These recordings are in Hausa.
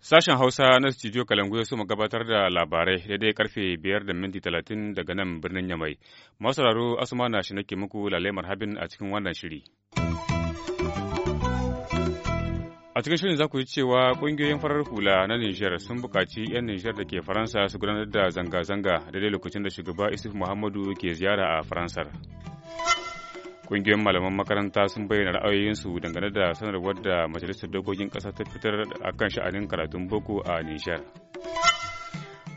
Sashen Hausa na studio Kalangu ya so suma gabatar da labarai daidai karfe biyar da minti talatin daga nan birnin Yamai. Masu raro Asuma na shi nake muku lalai habin a cikin wannan shiri. A cikin shirin za ku yi cewa kungiyoyin farar hula na Nijar sun buƙaci 'yan Nijar da ke Faransa su gudanar da zanga-zanga da dai lokacin da shugaba Isuf Muhammadu ke ziyara a Faransar. Ƙungiyoyin malaman makaranta sun bayyana ra'ayoyinsu dangane da sanarwar da Majalisar Dokokin Ƙasa ta fitar a kan sha'anin karatun boko a Nijar.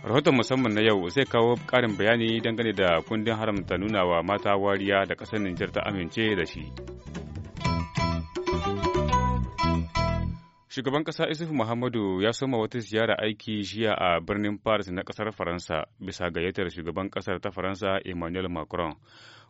Rahoton musamman na yau zai kawo ƙarin bayani dangane da kundin haramta nuna wa mata wariya da ƙasar Nijar ta amince da shi. Shugaban ƙasa Isuf Muhammadu ya soma wata ziyara aiki jiya a birnin Paris na ƙasar Faransa bisa gayyatar shugaban ƙasar ta Faransa Emmanuel Macron.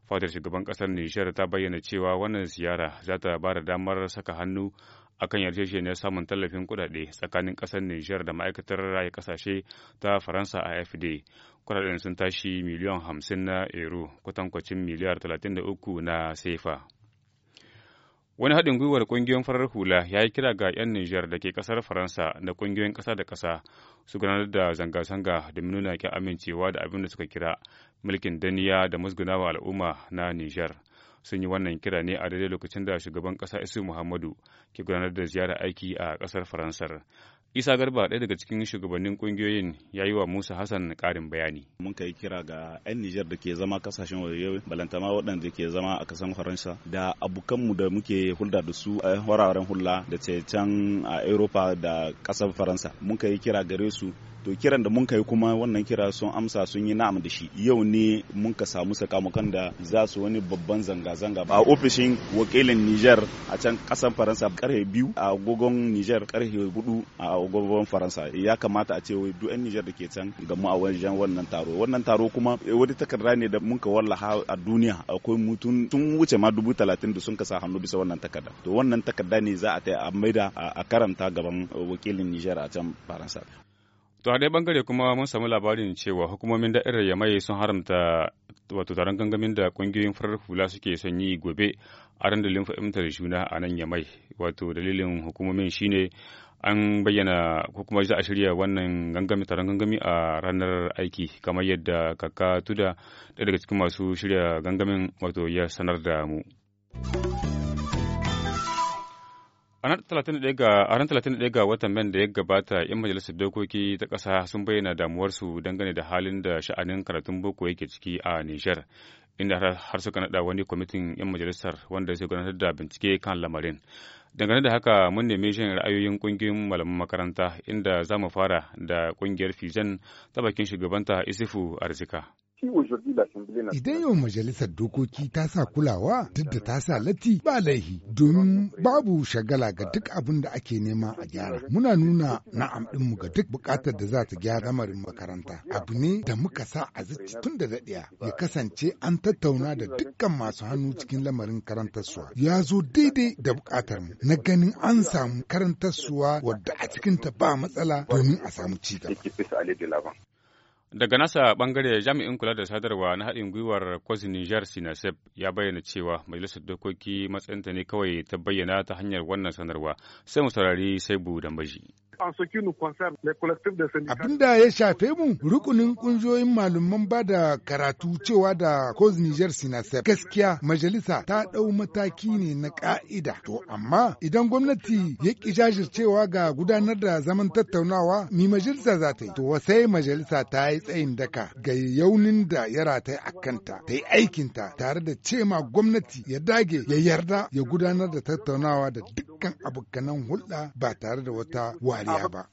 Fadar shugaban ƙasar Nijar ta bayyana cewa wannan ziyara za ta ba da damar saka hannu a kan yarjejeniyar samun tallafin kuɗaɗe tsakanin ƙasar Nijar da ma'aikatar raya ƙasashe ta Faransa a fd Kuɗaɗen sun tashi miliyan hamsin na euro kwatankwacin miliyar talatin da uku na sefa. Wani haɗin gwiwar ƙungiyoyin farar hula ya yi kira ga 'yan Nijar da ke ƙasar Faransa da ƙungiyoyin ƙasa da ƙasa su gudanar da zanga-zanga domin nuna ƙin amincewa da abin da suka kira mulkin daniya da musgunawa al'umma na Nijar. Sun yi wannan kira ne a daidai lokacin da shugaban ƙasa Isu Muhammadu ke gudanar da ziyara aiki a ƙasar Faransar. Isa Garba ɗaya daga cikin shugabannin kungiyoyin ya yi wa Musa Hassan ƙarin bayani. Mun kai kira ga 'yan Nijar da ke zama kasashen waje balantama waɗanda ke zama a kasan Faransa da abokanmu da muke hulɗa da su a wararen hulɗa da can a Europa da ƙasar Faransa. Mun kai kira gare su to kiran da mun kai kuma wannan kira sun amsa sun yi na'am da shi yau ne mun ka samu sakamakon da za su wani babban zanga-zanga a ofishin wakilin Niger a can kasan Faransa karfe biyu a agogon Niger karfe hudu a agogon Faransa ya kamata a ce duk 'yan Niger da ke can gamu a wajen wannan taro wannan taro kuma eh, wani takarda ne da mun ka wallaha a duniya akwai mutum tun wuce ma dubu talatin da sun ka sa hannu bisa wannan takarda to wannan takarda ne za a ta a maida a karanta gaban eh, wakilin Niger a can Faransa To a ɗaya bangare kuma mun samu labarin cewa hukumomin da'irar Yamai sun haramta wato taron gangamin da ƙungiyoyin farar hula suke son yi gobe a dandalin fahimtar juna a nan Yamai. Wato dalilin hukumomin shine an bayyana ko kuma za a shirya wannan gangami taron gangami a ranar aiki kamar yadda kaka tuda ɗaya daga cikin masu shirya gangamin wato ya sanar da mu. A ran 31 ga watan man da ya gabata, 'yan majalisar dokoki ta ƙasa sun bayyana damuwarsu dangane da halin da sha'anin karatun boko yake ciki a Nijar, inda har suka naɗa wani kwamitin 'yan majalisar wanda zai gudanar da bincike kan lamarin. Dangane da haka mun nemi shan ra'ayoyin kungiyoyin malaman makaranta inda za mu fara da kungiyar fizan ta bakin shugabanta isifu Arzika. Idan yau majalisar dokoki ta sa kulawa duk da ta sa lati ba laihi domin babu shagala ga duk abin da ake nema a gyara. Muna nuna na'am ɗinmu ga duk bukatar da za ta gyara lamarin makaranta. Abu ne da muka sa a zuci tun da daɗiya ya kasance an tattauna da dukkan masu hannu cikin lamarin karantarsu. Ya zo daidai da buƙatar mu. na ganin an samu karantarsuwa wadda a cikinta ba matsala domin a samu ci Daga nasa bangare jami'in kula da sadarwa na haɗin gwiwar Kwasi Nijar Sinasep ya bayyana cewa majalisar dokoki matsayinta ne kawai ta bayyana ta hanyar wannan sanarwa sai mu saurari sai bu da Abin da ya shafe mu rukunin kungiyoyin malaman ba da karatu cewa da Coz Niger sinasa gaskiya majalisa ta ɗau mataki ne na ƙa'ida. To amma idan gwamnati ya ki jajircewa ga gudanar da zaman tattaunawa ni majalisa za ta yi. To sai majalisa ta yi tsayin daka ga yaunin da ya rataye a kanta ta yi ta tare da cema gwamnati ya dage ya yarda ya gudanar da tattaunawa da dukkan abokanan hulɗa ba tare da wata wari. karya ba.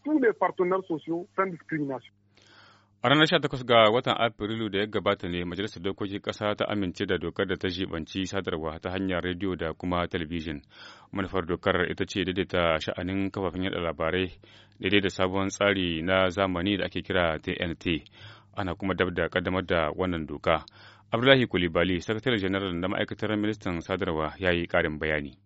A ranar 18 ga watan Afrilu da ya gabata ne Majalisar Dokokin Ƙasa ta amince da dokar da ta jibanci sadarwa ta hanyar rediyo da kuma talabijin. Manufar dokar ita ce daidaita sha'anin kafafen yada labarai daidai da sabon tsari na zamani da ake kira TNT. Ana kuma dab da kaddamar da wannan doka. Abdullahi Kulibali, Sakataren Janar da Ma'aikatar Ministan Sadarwa, ya yi ƙarin bayani.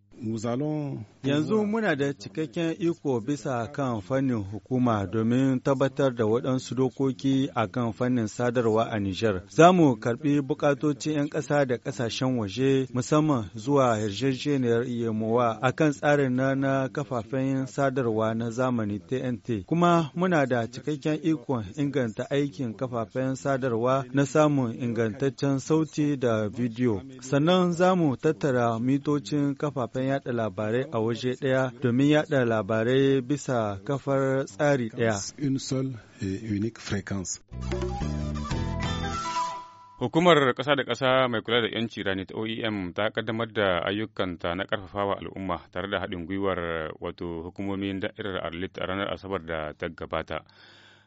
Yanzu muna da cikakken iko bisa kan fannin hukuma domin tabbatar da waɗansu dokoki a kan fannin sadarwa a Nijar. Za mu karɓi bukatocin 'yan ƙasa da ƙasashen waje musamman zuwa yarjejeniyar yemowa a kan tsarin na kafafen sadarwa na zamani TNT. Kuma muna da cikakken iko inganta aikin kafafen sadarwa na samun ingantaccen sauti da bidiyo. Sannan za mu tattara mitocin kafafen yada labarai a waje daya domin yada labarai bisa kafar tsari daya. Hukumar ƙasa da ƙasa mai kula da 'yanci rani ta OEM ta kaddamar da ayyukanta na ƙarfafawa al'umma tare da haɗin gwiwar wato hukumomin da'irar Arlit a ranar Asabar da ta gabata.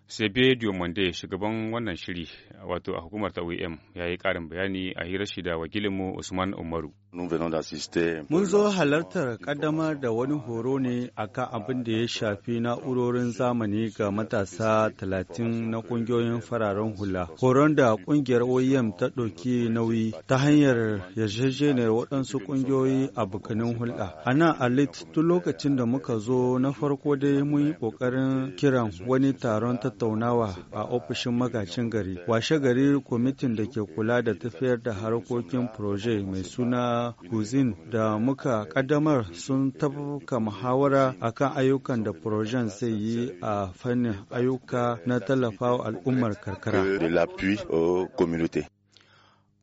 Sebe Diomonde shugaban wannan shiri wato a hukumar ta OEM ya yi ƙarin bayani a hirar shi da wakilinmu Usman Umaru. Mun zo halartar ƙaddamar da wani horo ne akan abin da ya shafi na'urorin zamani ga matasa talatin na ƙungiyoyin fararen hula. Horon da ƙungiyar OEM ta ɗauki nauyi ta hanyar yarjejeniyar waɗansu ƙungiyoyi a bukanin hulɗa. A nan Alit tun lokacin da muka zo na farko dai mun yi ƙoƙarin kiran wani taron ta tattaunawa a ofishin magacin gari. Washe gari kwamitin da ke kula da tafiyar da harkokin proje mai suna Guzin da muka kaddamar sun tafka muhawara a kan ayyukan da projen zai yi a fannin ayyuka na tallafawa al'ummar karkara.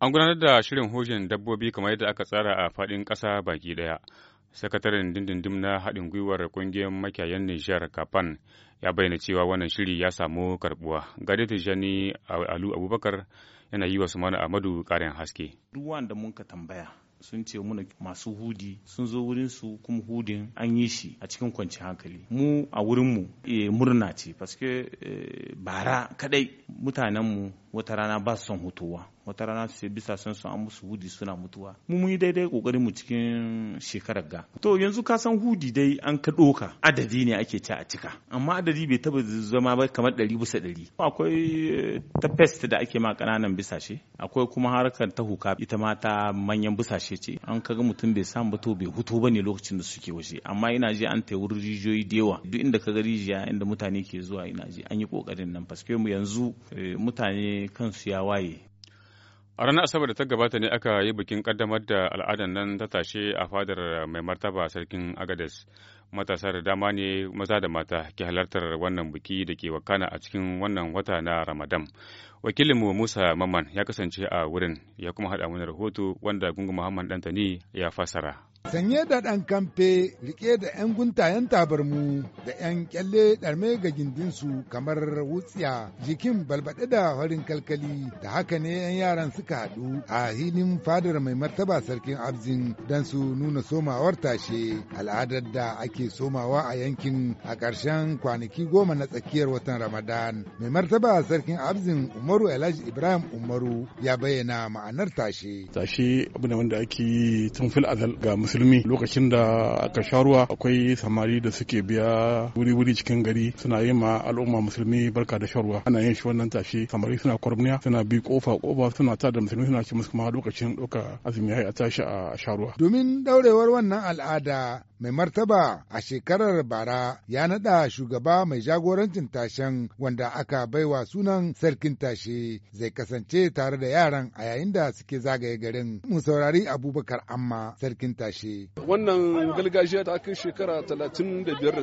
An gudanar da shirin hujin dabbobi kamar yadda aka tsara a faɗin ƙasa baki ɗaya. sakataren dindindim na haɗin gwiwar ƙungiyar makiyayen nijar kafan ya bayyana cewa wannan shiri ya samu karbuwa ta jani alu abubakar yana yi wa sumana amadu ƙarin haske duk wanda mun ka tambaya sun ce muna masu hudi sun zo wurin su kuma hudin an yi shi a cikin kwanci hankali mu a wurin mu eh, murna ce paske eh, bara kadai mutanen mu wata rana ba su son hutuwa wata rana su bisa son su an musu hudi suna mutuwa mu mun yi daidai kokarin mu cikin shekarar ga to yanzu ka san hudi dai an ka doka adadi ne ake ci a cika amma adadi bai taba zama ba kamar ɗari bisa ɗari akwai eh, ta pest da ake ma kananan bisashe akwai kuma harkar ta huka ita ma ta manyan bisashe ce an kaga mutum bai samu ba to bai hutu ba ne lokacin da suke waje amma ina ji an ta wurin rijiyoyi da yawa duk inda ka ga rijiya inda mutane ke zuwa ina ji an yi kokarin nan paske mu yanzu eh, mutane kansu ya waye. A ranar Asabar da ta gabata ne aka yi bikin kaddamar da al'adar nan ta tashe a fadar mai martaba sarkin Agades. Matasa da dama ne maza da mata ke halartar wannan biki da ke wakana a cikin wannan wata na Ramadan. Wakilinmu Musa mamman ya kasance a wurin ya kuma haɗa mana rahoto wanda Gungun Muhammad Dantani ya fasara. Sanye da ɗan kamfe riƙe da 'yan guntayen tabarmu da 'yan kyalle ɗarme ga gindinsu kamar wutsiya jikin balbaɗe da farin kalkali da haka ne 'yan yaran suka haɗu a hilin fadar mai martaba sarkin abzin don su nuna somawar tashe al'adar da ake somawa a yankin a ƙarshen kwanaki goma na tsakiyar watan ramadan mai martaba sarkin abzin umaru alhaji ibrahim umaru ya bayyana ma'anar tashe tashe abu ne wanda ake tun fil azal ga musulmi lokacin da aka sha ruwa akwai samari da suke biya wuri-wuri cikin gari suna yi ma al'umma musulmi barka da sharuwa ana yin shi wannan tashi samari suna kwarmiya suna bi kofa kofa suna ta da musulmi suna ce musu kuma lokacin ɗauka azumi ya a tashi a sharuwa. domin daurewar wannan al'ada mai martaba a shekarar bara ya naɗa shugaba mai jagorancin tashen wanda aka baiwa sunan sarkin tashe zai kasance tare da yaran a yayin da suke zagaye garin mu saurari abubakar amma sarkin tashe. wannan gargajiya ta kai shekara talatin da biyar da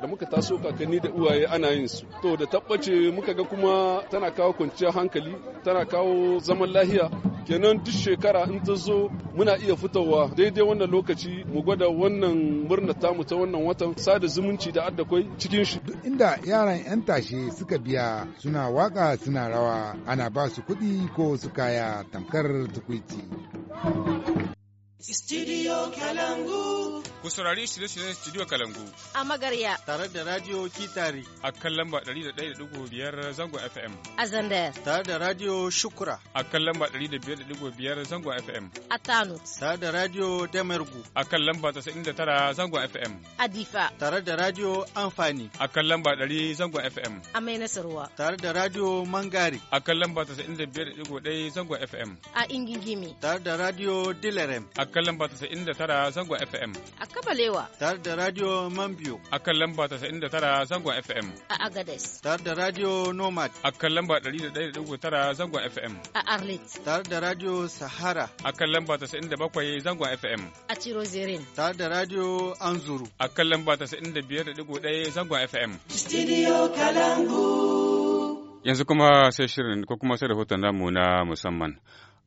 da muka taso kakanni da uwaye ana yin su to da tabbace muka ga kuma tana kawo kwanciyar hankali tana kawo zaman lahiya kenan duk shekara in ta zo muna iya fitowa daidai wannan lokaci mu gwada wannan murnar murna tamu ta wannan watan sada zumunci da adda cikin shi. Duk inda yaran 'yan tashe suka biya suna waka suna rawa ana ba su kuɗi ko su kaya tamkar tukuiti. Studio Kalangu. Ku saurari shirye-shiryen Studio Kalangu. A magarya. Tare da Radio Kitari. A kan lamba 101.5 zangon FM. A Zandayar. Tare da Radio Shukura. A kan lamba 105.5 zangon FM. A Tano. Tare da Radio Damergu. A kan lamba 99 zangon FM. A Difa. Tare da Radio Amfani. A kan lamba 100 zangon FM. A Mai Nasarwa. Tare da Radio Mangari. A kan lamba 95.1 zangon FM. A Ingigimi. Tare da Radio Dilerem. A kan lamba 99 zangon FM. A Kabalewa. Tare da Radio Mambio. A kan lamba 99 zangon FM. A Agades. Tare da Radio Nomad. A kan lamba 101.9 zangon FM. A Arlit. Tare da Radio Sahara. A kan lamba 97 zangon FM. A Chirozirin. Tare da Radio Anzuru. A kan lamba 95.1 zangon FM. Studio Kalangu. Yanzu kuma sai shirin ko kuma sai rahoton namu na musamman.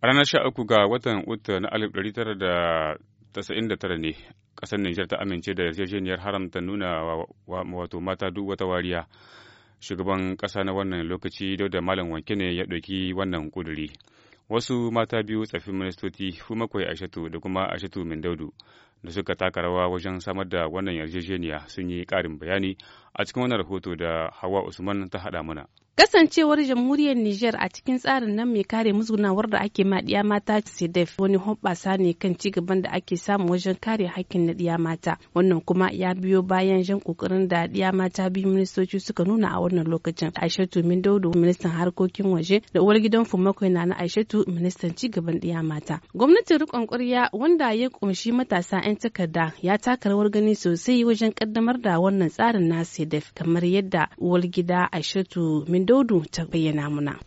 A ranar sha uku ga watan Uta na alif ɗari tara da tasa'in da tara ne ƙasar Nijar ta amince da yarjejeniyar haramta nuna wato mata duk wata wariya. Shugaban ƙasa na wannan lokaci da Malam Wanke ne ya ɗauki wannan ƙuduri. Wasu mata biyu tsafin ministoci Fumakwai Ashatu da kuma Ashatu Mindaudu da suka taka rawa wajen samar da wannan yarjejeniya sun yi ƙarin bayani a cikin wannan rahoto da Hawa Usman ta haɗa mana. Kasancewar jamhuriyar Nijar a cikin tsarin nan mai kare muzgunawar da ake ma ɗiya mata CEDEF wani hoɓɓasa ne kan ci gaban da ake samu wajen kare hakkin na ɗiya mata. Wannan kuma ya biyo bayan jan kokarin da ɗiya mata biyu ministoci suka nuna a wannan lokacin. Aishatu Mindaudu ministan harkokin waje da uwar gidan Fumakwai na na Aishatu ministan ci gaban ɗiya mata. Gwamnatin riƙon ƙwarya wanda ya ƙunshi matasa 'yan takarda ya taka rawar gani sosai wajen ƙaddamar da wannan tsarin nasi da kamar yadda uwar gida Aishatu Mindodu ta bayyana muna.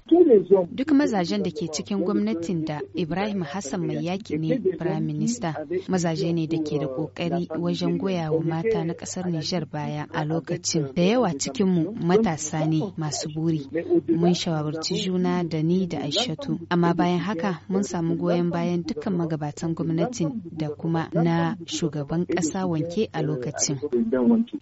Duk mazajen da ke cikin gwamnatin da Ibrahim Hassan mai yaki ne Prime Minister mazaje ne da ke da kokari wajen goya wa mata na ƙasar Nijar baya a lokacin. Da yawa cikinmu matasa ne masu buri. Mun shawarci juna da ni da Aishatu. Amma bayan haka mun samu goyon bayan dukkan magabatan gwamnatin da kuma na shugaban ƙasa wanke a lokacin.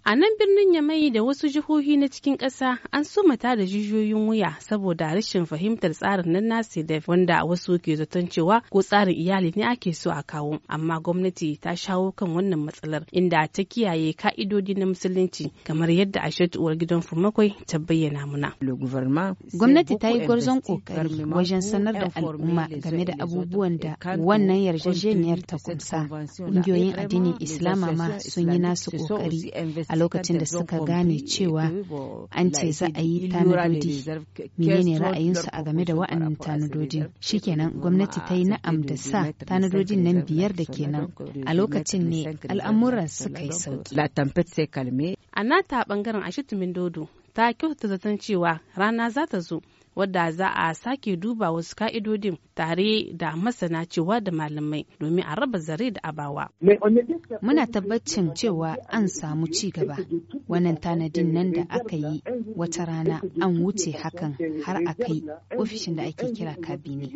A nan birnin Yamai da wasu jihohi na cikin ƙasa an so mata da jijiyoyin wuya saboda rashin rashin fahimtar tsarin nan na sedef wanda wasu ke zaton cewa ko tsarin iyali ne ake so a kawo amma gwamnati ta shawo kan wannan matsalar inda ta kiyaye ka'idodi na musulunci kamar yadda a uwar gidan furmakwai ta bayyana muna. Gwamnati ta yi gwarzon kokari wajen sanar da al'umma game da abubuwan da wannan yarjejeniyar ta kunsa. Ƙungiyoyin addinin Islama ma sun yi nasu kokari a lokacin da suka gane cewa an ce za a yi tanadi menene ra'ayin ra'ayinsu a game da wa'annan tanadojin shikenan gwamnati ta yi na'am da sa tanadojin nan biyar da kenan a lokacin ne al'amuran suka yi sauki a nata bangaren ashitumin dodo ta kyautata zaton cewa rana za ta zo wadda za a sake duba wasu ka'idodin tare da masana cewa da malamai domin a raba zare da abawa. Muna tabbacin cewa an samu ci gaba wannan tanadin nan da aka yi wata rana an wuce hakan har a kai ofishin da ake kira kabini.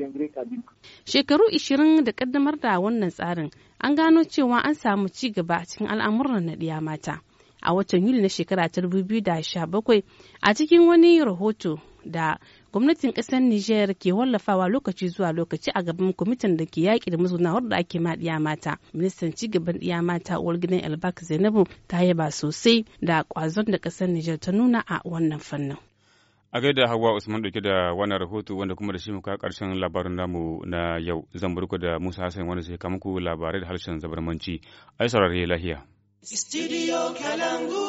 shekaru 20 da kaddamar da wannan tsarin an gano cewa an samu ci gaba a cikin al'amuran na ɗiya mata a watan yuli na shekara ta 2017 a cikin wani rahoto da gwamnatin kasar Nijar ke wallafawa lokaci zuwa lokaci a gaban kwamitin da ke yaƙi da mazunawar da ake ma ɗiya mata. Ministan gaban ɗiya mata uwar gidan Elbak Zainabu ta yaba sosai da ƙwazon da kasar Nijar ta nuna a wannan fannin. A gaida Hauwa Usman dauke da wannan rahoto wanda kuma da shi muka karshen labarin namu na yau. Zan burku da Musa Hassan wanda zai kama muku labarai da harshen zabarmanci. Ai saurare lahiya. Studio Kalangu.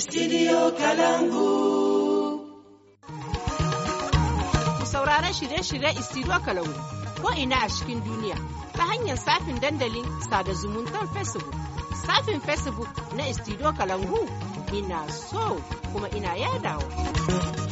Studio Kalangu. Ku saurara shirye-shirye Studio Kalangu ko ina a cikin duniya ta hanyar safin dandalin sada zumuntar Facebook. Safin Facebook na Studio Kalangu ina so kuma ina yadawa.